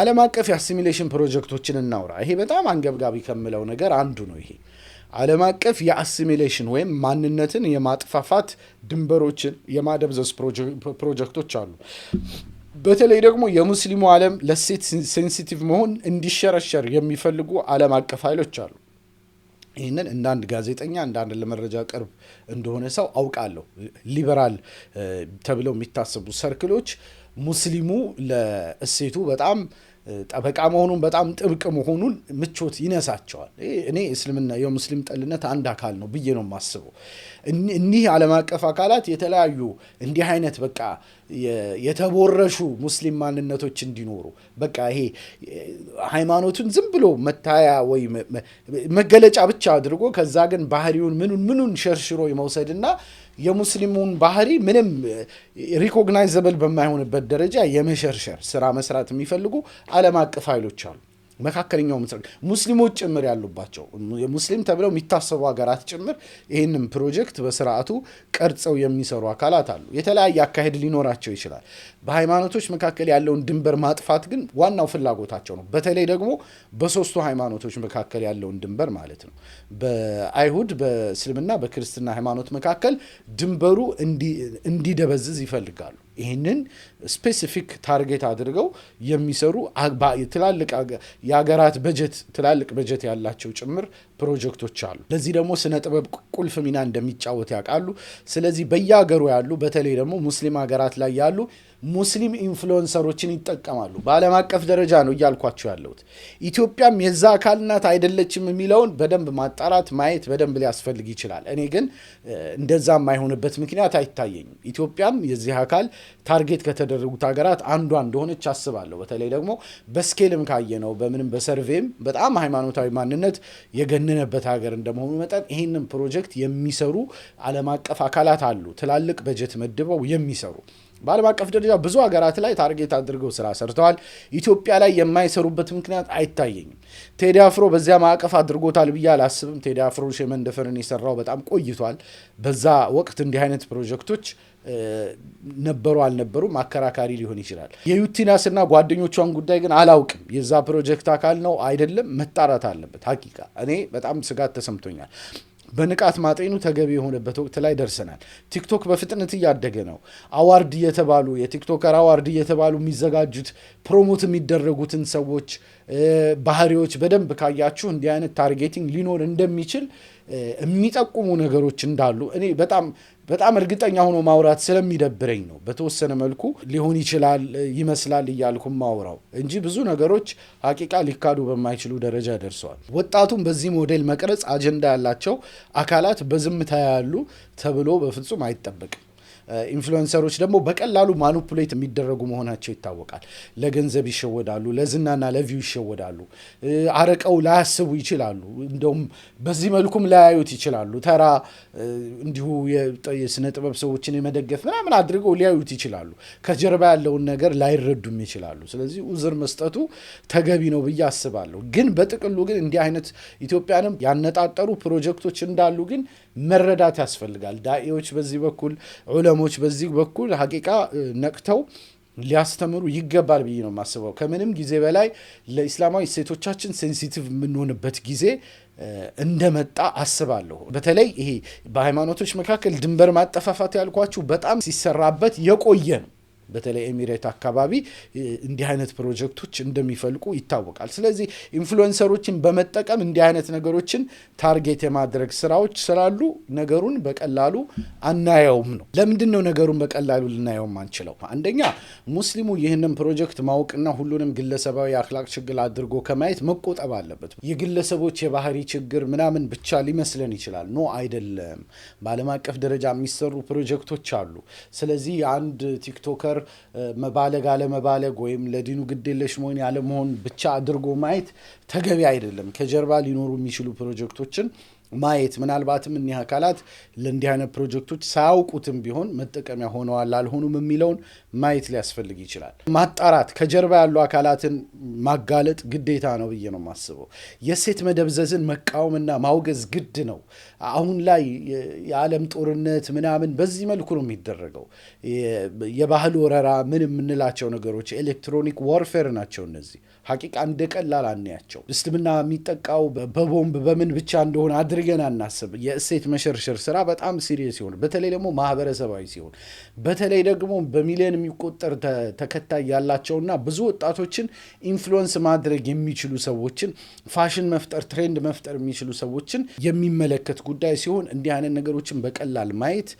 ዓለም አቀፍ የአሲሚሌሽን ፕሮጀክቶችን እናውራ። ይሄ በጣም አንገብጋቢ ከምለው ነገር አንዱ ነው። ይሄ ዓለም አቀፍ የአሲሚሌሽን ወይም ማንነትን የማጥፋፋት ድንበሮችን የማደብዘዝ ፕሮጀክቶች አሉ። በተለይ ደግሞ የሙስሊሙ ዓለም ለሴት ሴንሲቲቭ መሆን እንዲሸረሸር የሚፈልጉ ዓለም አቀፍ ኃይሎች አሉ። ይህንን እንደ አንድ ጋዜጠኛ እንደ አንድ ለመረጃ ቅርብ እንደሆነ ሰው አውቃለሁ። ሊበራል ተብለው የሚታሰቡ ሰርክሎች ሙስሊሙ ለእሴቱ በጣም ጠበቃ መሆኑን በጣም ጥብቅ መሆኑን ምቾት ይነሳቸዋል። እኔ እስልምና የሙስሊም ጠልነት አንድ አካል ነው ብዬ ነው የማስበው። እኒህ ዓለም አቀፍ አካላት የተለያዩ እንዲህ አይነት በቃ የተቦረሹ ሙስሊም ማንነቶች እንዲኖሩ በቃ ይሄ ሃይማኖቱን ዝም ብሎ መታያ ወይ መገለጫ ብቻ አድርጎ ከዛ ግን ባህሪውን ምኑን ምኑን ሸርሽሮ የመውሰድና የሙስሊሙን ባህሪ ምንም ሪኮግናይዘብል በማይሆንበት ደረጃ የመሸርሸር ስራ መስራት የሚፈልጉ ዓለም አቀፍ ኃይሎች አሉ። መካከለኛው ምስራቅ ሙስሊሞች ጭምር ያሉባቸው ሙስሊም ተብለው የሚታሰቡ ሀገራት ጭምር ይህንም ፕሮጀክት በስርዓቱ ቀርጸው የሚሰሩ አካላት አሉ። የተለያየ አካሄድ ሊኖራቸው ይችላል። በሃይማኖቶች መካከል ያለውን ድንበር ማጥፋት ግን ዋናው ፍላጎታቸው ነው። በተለይ ደግሞ በሶስቱ ሃይማኖቶች መካከል ያለውን ድንበር ማለት ነው። በአይሁድ፣ በእስልምና፣ በክርስትና ሃይማኖት መካከል ድንበሩ እንዲደበዝዝ ይፈልጋሉ። ይህንን ስፔሲፊክ ታርጌት አድርገው የሚሰሩ ትላልቅ የሀገራት በጀት ትላልቅ በጀት ያላቸው ጭምር ፕሮጀክቶች አሉ። ለዚህ ደግሞ ስነ ጥበብ ቁልፍ ሚና እንደሚጫወት ያውቃሉ። ስለዚህ በየሀገሩ ያሉ በተለይ ደግሞ ሙስሊም ሀገራት ላይ ያሉ ሙስሊም ኢንፍሉዌንሰሮችን ይጠቀማሉ። በዓለም አቀፍ ደረጃ ነው እያልኳቸው ያለሁት። ኢትዮጵያም የዛ አካል ናት አይደለችም የሚለውን በደንብ ማጣራት ማየት በደንብ ሊያስፈልግ ይችላል። እኔ ግን እንደዛ የማይሆንበት ምክንያት አይታየኝም። ኢትዮጵያም የዚህ አካል ታርጌት ከተደረጉት ሀገራት አንዷ እንደሆነች አስባለሁ። በተለይ ደግሞ በስኬልም ካየ ነው በምንም በሰርቬም በጣም ሃይማኖታዊ ማንነት የገነ የምንኖርበት ሀገር እንደመሆኑ መጠን ይህንን ፕሮጀክት የሚሰሩ ዓለም አቀፍ አካላት አሉ፣ ትላልቅ በጀት መድበው የሚሰሩ በዓለም አቀፍ ደረጃ ብዙ ሀገራት ላይ ታርጌት አድርገው ስራ ሰርተዋል። ኢትዮጵያ ላይ የማይሰሩበት ምክንያት አይታየኝም። ቴዲ አፍሮ በዚያ ማዕቀፍ አድርጎታል ብዬ አላስብም። ቴዲ አፍሮ ሽመንደፈርን የሰራው በጣም ቆይቷል። በዛ ወቅት እንዲህ አይነት ፕሮጀክቶች ነበሩ አልነበሩም አከራካሪ ሊሆን ይችላል። የዩቲናስና ጓደኞቿን ጉዳይ ግን አላውቅም። የዛ ፕሮጀክት አካል ነው አይደለም መጣራት አለበት። ሀቂቃ እኔ በጣም ስጋት ተሰምቶኛል። በንቃት ማጤኑ ተገቢ የሆነበት ወቅት ላይ ደርሰናል። ቲክቶክ በፍጥነት እያደገ ነው። አዋርድ እየተባሉ የቲክቶከር አዋርድ እየተባሉ የሚዘጋጁት ፕሮሞት የሚደረጉትን ሰዎች ባህሪዎች በደንብ ካያችሁ እንዲህ አይነት ታርጌቲንግ ሊኖር እንደሚችል የሚጠቁሙ ነገሮች እንዳሉ እኔ በጣም በጣም እርግጠኛ ሆኖ ማውራት ስለሚደብረኝ ነው። በተወሰነ መልኩ ሊሆን ይችላል ይመስላል እያልኩ ማውራው እንጂ ብዙ ነገሮች ሀቂቃ ሊካዱ በማይችሉ ደረጃ ደርሰዋል። ወጣቱን በዚህ ሞዴል መቅረጽ አጀንዳ ያላቸው አካላት በዝምታ ያሉ ተብሎ በፍጹም አይጠበቅም። ኢንፍሉዌንሰሮች ደግሞ በቀላሉ ማኒፑሌት የሚደረጉ መሆናቸው ይታወቃል። ለገንዘብ ይሸወዳሉ፣ ለዝናና ለቪው ይሸወዳሉ። አረቀው ላያስቡ ይችላሉ። እንደውም በዚህ መልኩም ላያዩት ይችላሉ። ተራ እንዲሁ የስነ ጥበብ ሰዎችን የመደገፍ ምናምን አድርገው ሊያዩት ይችላሉ። ከጀርባ ያለውን ነገር ላይረዱም ይችላሉ። ስለዚህ ዑዝር መስጠቱ ተገቢ ነው ብዬ አስባለሁ። ግን በጥቅሉ ግን እንዲህ አይነት ኢትዮጵያንም ያነጣጠሩ ፕሮጀክቶች እንዳሉ ግን መረዳት ያስፈልጋል። ዳኤዎች በዚህ በኩል ዑለሞች በዚህ በኩል ሀቂቃ ነቅተው ሊያስተምሩ ይገባል ብዬ ነው የማስበው። ከምንም ጊዜ በላይ ለኢስላማዊ እሴቶቻችን ሴንሲቲቭ የምንሆንበት ጊዜ እንደመጣ አስባለሁ። በተለይ ይሄ በሃይማኖቶች መካከል ድንበር ማጠፋፋት ያልኳችሁ በጣም ሲሰራበት የቆየ ነው። በተለይ ኤሚሬት አካባቢ እንዲህ አይነት ፕሮጀክቶች እንደሚፈልቁ ይታወቃል። ስለዚህ ኢንፍሉዌንሰሮችን በመጠቀም እንዲህ አይነት ነገሮችን ታርጌት የማድረግ ስራዎች ስላሉ ነገሩን በቀላሉ አናየውም ነው። ለምንድን ነው ነገሩን በቀላሉ ልናየውም አንችለው? አንደኛ ሙስሊሙ ይህንን ፕሮጀክት ማወቅና ሁሉንም ግለሰባዊ የአክላቅ ችግር አድርጎ ከማየት መቆጠብ አለበት። የግለሰቦች የባህሪ ችግር ምናምን ብቻ ሊመስለን ይችላል። ኖ አይደለም። በዓለም አቀፍ ደረጃ የሚሰሩ ፕሮጀክቶች አሉ። ስለዚህ የአንድ ቲክቶከር መባለግ አለመባለግ ወይም ለዲኑ ግዴለሽ መሆን ያለመሆን ብቻ አድርጎ ማየት ተገቢ አይደለም። ከጀርባ ሊኖሩ የሚችሉ ፕሮጀክቶችን ማየት ምናልባትም እኒህ አካላት ለእንዲህ አይነት ፕሮጀክቶች ሳያውቁትም ቢሆን መጠቀሚያ ሆነዋል አልሆኑም የሚለውን ማየት ሊያስፈልግ ይችላል። ማጣራት፣ ከጀርባ ያሉ አካላትን ማጋለጥ ግዴታ ነው ብዬ ነው የማስበው። የሴት መደብዘዝን መቃወምና ማውገዝ ግድ ነው። አሁን ላይ የዓለም ጦርነት ምናምን በዚህ መልኩ ነው የሚደረገው። የባህል ወረራ ምን የምንላቸው ነገሮች ኤሌክትሮኒክ ዋርፌር ናቸው። እነዚህ ሀቂቃ እንደ ቀላል አናያቸው እስልምና የሚጠቃው በቦምብ በምን ብቻ እንደሆነ አድርገን አናስብ። የእሴት መሸርሸር ስራ በጣም ሲሪየስ ሲሆን፣ በተለይ ደግሞ ማህበረሰባዊ ሲሆን፣ በተለይ ደግሞ በሚሊዮን የሚቆጠር ተከታይ ያላቸውና ብዙ ወጣቶችን ኢንፍሉወንስ ማድረግ የሚችሉ ሰዎችን ፋሽን መፍጠር፣ ትሬንድ መፍጠር የሚችሉ ሰዎችን የሚመለከት ጉዳይ ሲሆን እንዲህ አይነት ነገሮችን በቀላል ማየት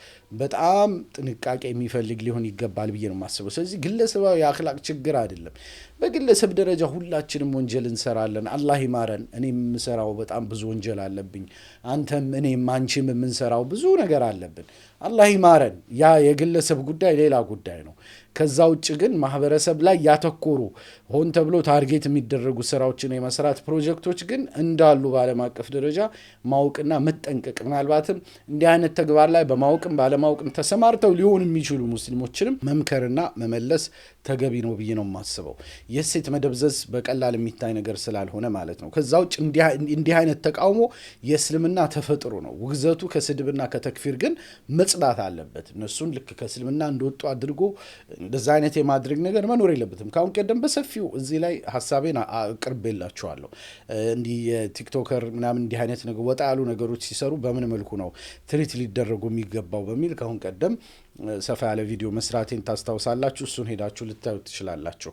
በጣም ጥንቃቄ የሚፈልግ ሊሆን ይገባል ብዬ ነው የማስበው። ስለዚህ ግለሰባዊ የአክላቅ ችግር አይደለም። በግለሰብ ደረጃ ሁላችንም ወንጀል እንሰራለን። አላህ ይማረን። እኔ የምሰራው በጣም ብዙ ወንጀል አለብኝ። አንተም፣ እኔም፣ አንቺም የምንሰራው ብዙ ነገር አለብን። አላህ ይማረን። ያ የግለሰብ ጉዳይ ሌላ ጉዳይ ነው። ከዛ ውጭ ግን ማህበረሰብ ላይ ያተኮሩ ሆን ተብሎ ታርጌት የሚደረጉ ስራዎችን የመስራት ፕሮጀክቶች ግን እንዳሉ በዓለም አቀፍ ደረጃ ማወቅና መጠንቀቅ ምናልባትም እንዲህ አይነት ተግባር ላይ በማወቅም ባለማወቅም ተሰማርተው ሊሆን የሚችሉ ሙስሊሞችንም መምከርና መመለስ ተገቢ ነው ብዬ ነው የማስበው። የሴት መደብዘዝ በቀላል የሚታይ ነገር ስላልሆነ ማለት ነው። ከዛ ውጭ እንዲህ አይነት ተቃውሞ የእስልምና ተፈጥሮ ነው። ውግዘቱ ከስድብና ከተክፊር ግን መጽዳት አለበት። እነሱን ልክ ከእስልምና እንደወጡ አድርጎ እንደዛ አይነት የማድረግ ነገር መኖር የለበትም። ከአሁን ቀደም በሰፊው እዚህ ላይ ሀሳቤን አቅርቤላችኋለሁ። እንዲህ የቲክቶከር ምናምን እንዲህ አይነት ነገር ወጣ ያሉ ነገሮች ሲሰሩ በምን መልኩ ነው ትሪት ሊደረጉ የሚገባው በሚል ከአሁን ቀደም ሰፋ ያለ ቪዲዮ መስራቴን ታስታውሳላችሁ። እሱን ሄዳችሁ ልታዩ ትችላላችሁ።